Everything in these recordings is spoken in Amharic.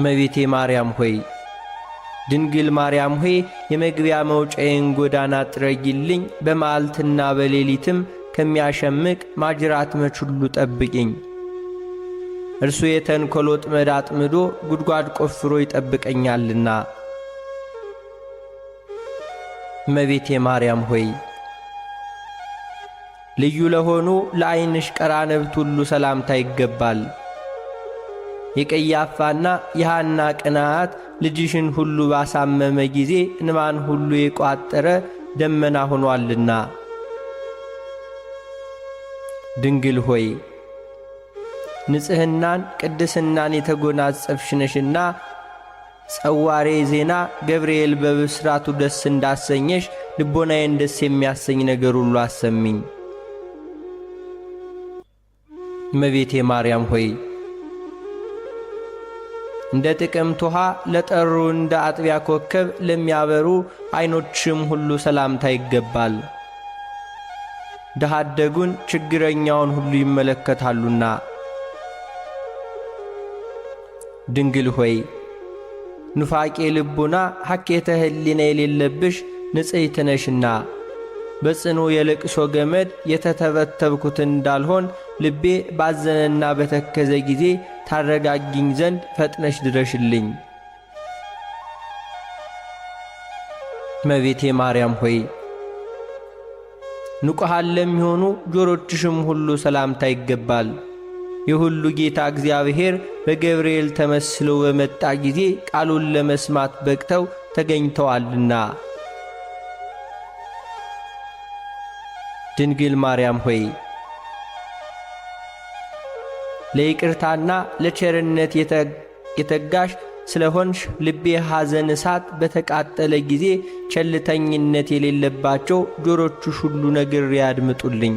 እመቤቴ ማርያም ሆይ ድንግል ማርያም ሆይ የመግቢያ መውጫዬን ጎዳና ጥረጊልኝ፣ በመዓልትና በሌሊትም ከሚያሸምቅ ማጅራት መች ሁሉ ጠብቂኝ። እርሱ የተንኰል ወጥመድ አጥምዶ ጉድጓድ ቆፍሮ ይጠብቀኛልና። እመቤቴ ማርያም ሆይ ልዩ ለሆኑ ለዐይንሽ ቀራንብት ሁሉ ሰላምታ ይገባል። የቀያፋና የሃና ቅናት ልጅሽን ሁሉ ባሳመመ ጊዜ እንባን ሁሉ የቋጠረ ደመና ሆኗልና ድንግል ሆይ ንጽሕናን ቅድስናን የተጎናጸፍሽ ጸዋሬ ዜና ገብርኤል በብስራቱ ደስ እንዳሰኘሽ ልቦናዬን ደስ የሚያሰኝ ነገር ሁሉ አሰሚኝ። እመቤቴ ማርያም ሆይ እንደ ጥቅምት ውሃ ለጠሩ እንደ አጥቢያ ኮከብ ለሚያበሩ ዐይኖችም ሁሉ ሰላምታ ይገባል። ደሃደጉን ችግረኛውን ሁሉ ይመለከታሉና። ድንግል ሆይ ኑፋቄ ልቡና ሐኬተ ሕሊና የሌለብሽ ንጽሕት ነሽና በጽኑ የለቅሶ ገመድ የተተበተብኩት እንዳልሆን ልቤ ባዘነና በተከዘ ጊዜ ታረጋጊኝ ዘንድ ፈጥነሽ ድረሽልኝ። እመቤቴ ማርያም ሆይ ንቁሃን ለሚሆኑ ጆሮችሽም ሁሉ ሰላምታ ይገባል። የሁሉ ጌታ እግዚአብሔር በገብርኤል ተመስሎ በመጣ ጊዜ ቃሉን ለመስማት በቅተው ተገኝተዋልና። ድንግል ማርያም ሆይ ለይቅርታና ለቸርነት የተጋሽ ስለሆንሽ ልቤ ሐዘን እሳት በተቃጠለ ጊዜ ቸልተኝነት የሌለባቸው ጆሮችሽ ሁሉ ነግሬ ያድምጡልኝ።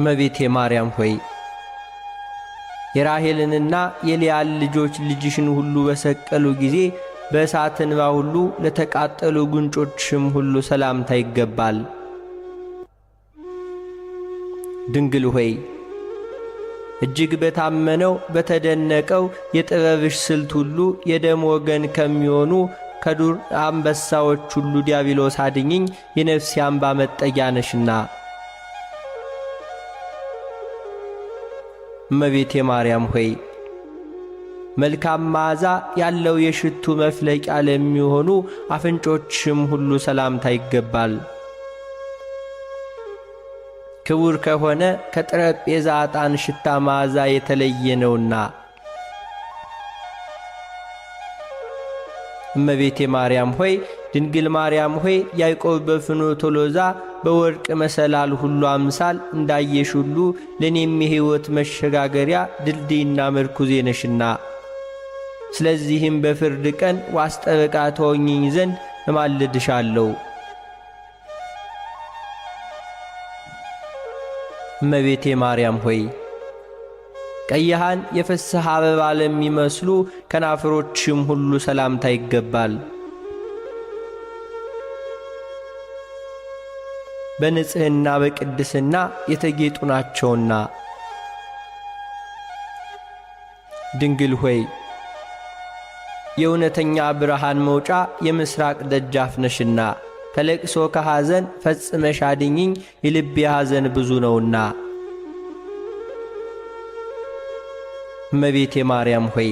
እመቤቴ ማርያም ሆይ የራሔልንና የሊያል ልጆች ልጅሽን ሁሉ በሰቀሉ ጊዜ በእሳት እንባ ሁሉ ለተቃጠሉ ጉንጮችሽም ሁሉ ሰላምታ ይገባል። ድንግል ሆይ እጅግ በታመነው በተደነቀው የጥበብሽ ስልት ሁሉ የደም ወገን ከሚሆኑ ከዱር አንበሳዎች ሁሉ ዲያብሎስ አድኝኝ፣ የነፍሴ አምባ መጠጊያ ነሽና። እመቤቴ ማርያም ሆይ መልካም መዓዛ ያለው የሽቱ መፍለቂያ ለሚሆኑ አፍንጮችም ሁሉ ሰላምታ ይገባል። ክቡር ከሆነ ከጠረጴዛ ዕጣን ሽታ መዓዛ የተለየ ነውና። እመቤቴ ማርያም ሆይ ድንግል ማርያም ሆይ ያዕቆብ በፍኖ ቶሎዛ በወርቅ መሰላል ሁሉ አምሳል እንዳየሽ ሁሉ ለእኔም የሕይወት መሸጋገሪያ ድልድይና መርኩዜ ነሽና፣ ስለዚህም በፍርድ ቀን ዋስጠበቃ ተወኝኝ ዘንድ እማልድሻለሁ። እመቤቴ ማርያም ሆይ ቀይሃን የፍስሐ አበባ ለሚመስሉ ከናፍሮችም ሁሉ ሰላምታ ይገባል። በንጽሕና በቅድስና የተጌጡ ናቸውና ድንግል ሆይ የእውነተኛ ብርሃን መውጫ የምሥራቅ ደጃፍ ነሽና ከለቅሶ ከሐዘን ፈጽመሽ አድኝኝ፣ የልቤ ሐዘን ብዙ ነውና። እመቤቴ ማርያም ሆይ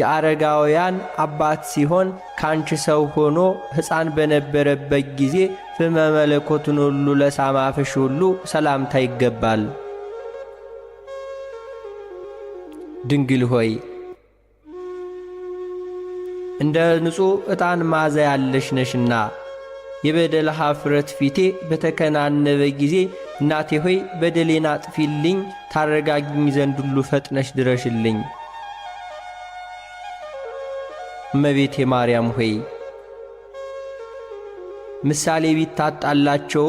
የአረጋውያን አባት ሲሆን ካንቺ ሰው ሆኖ ሕፃን በነበረበት ጊዜ ፍመ መለኮትን ሁሉ ለሳማፍሽ ሁሉ ሰላምታ ይገባል። ድንግል ሆይ እንደ ንጹሕ ዕጣን ማዛ ያለሽ ነሽና የበደል ኀፍረት ፊቴ በተከናነበ ጊዜ እናቴ ሆይ በደሌን አጥፊልኝ፣ ታረጋግኝ ዘንድ ሁሉ ፈጥነሽ ድረሽልኝ። እመቤቴ ማርያም ሆይ ምሳሌ ቢታጣላቸው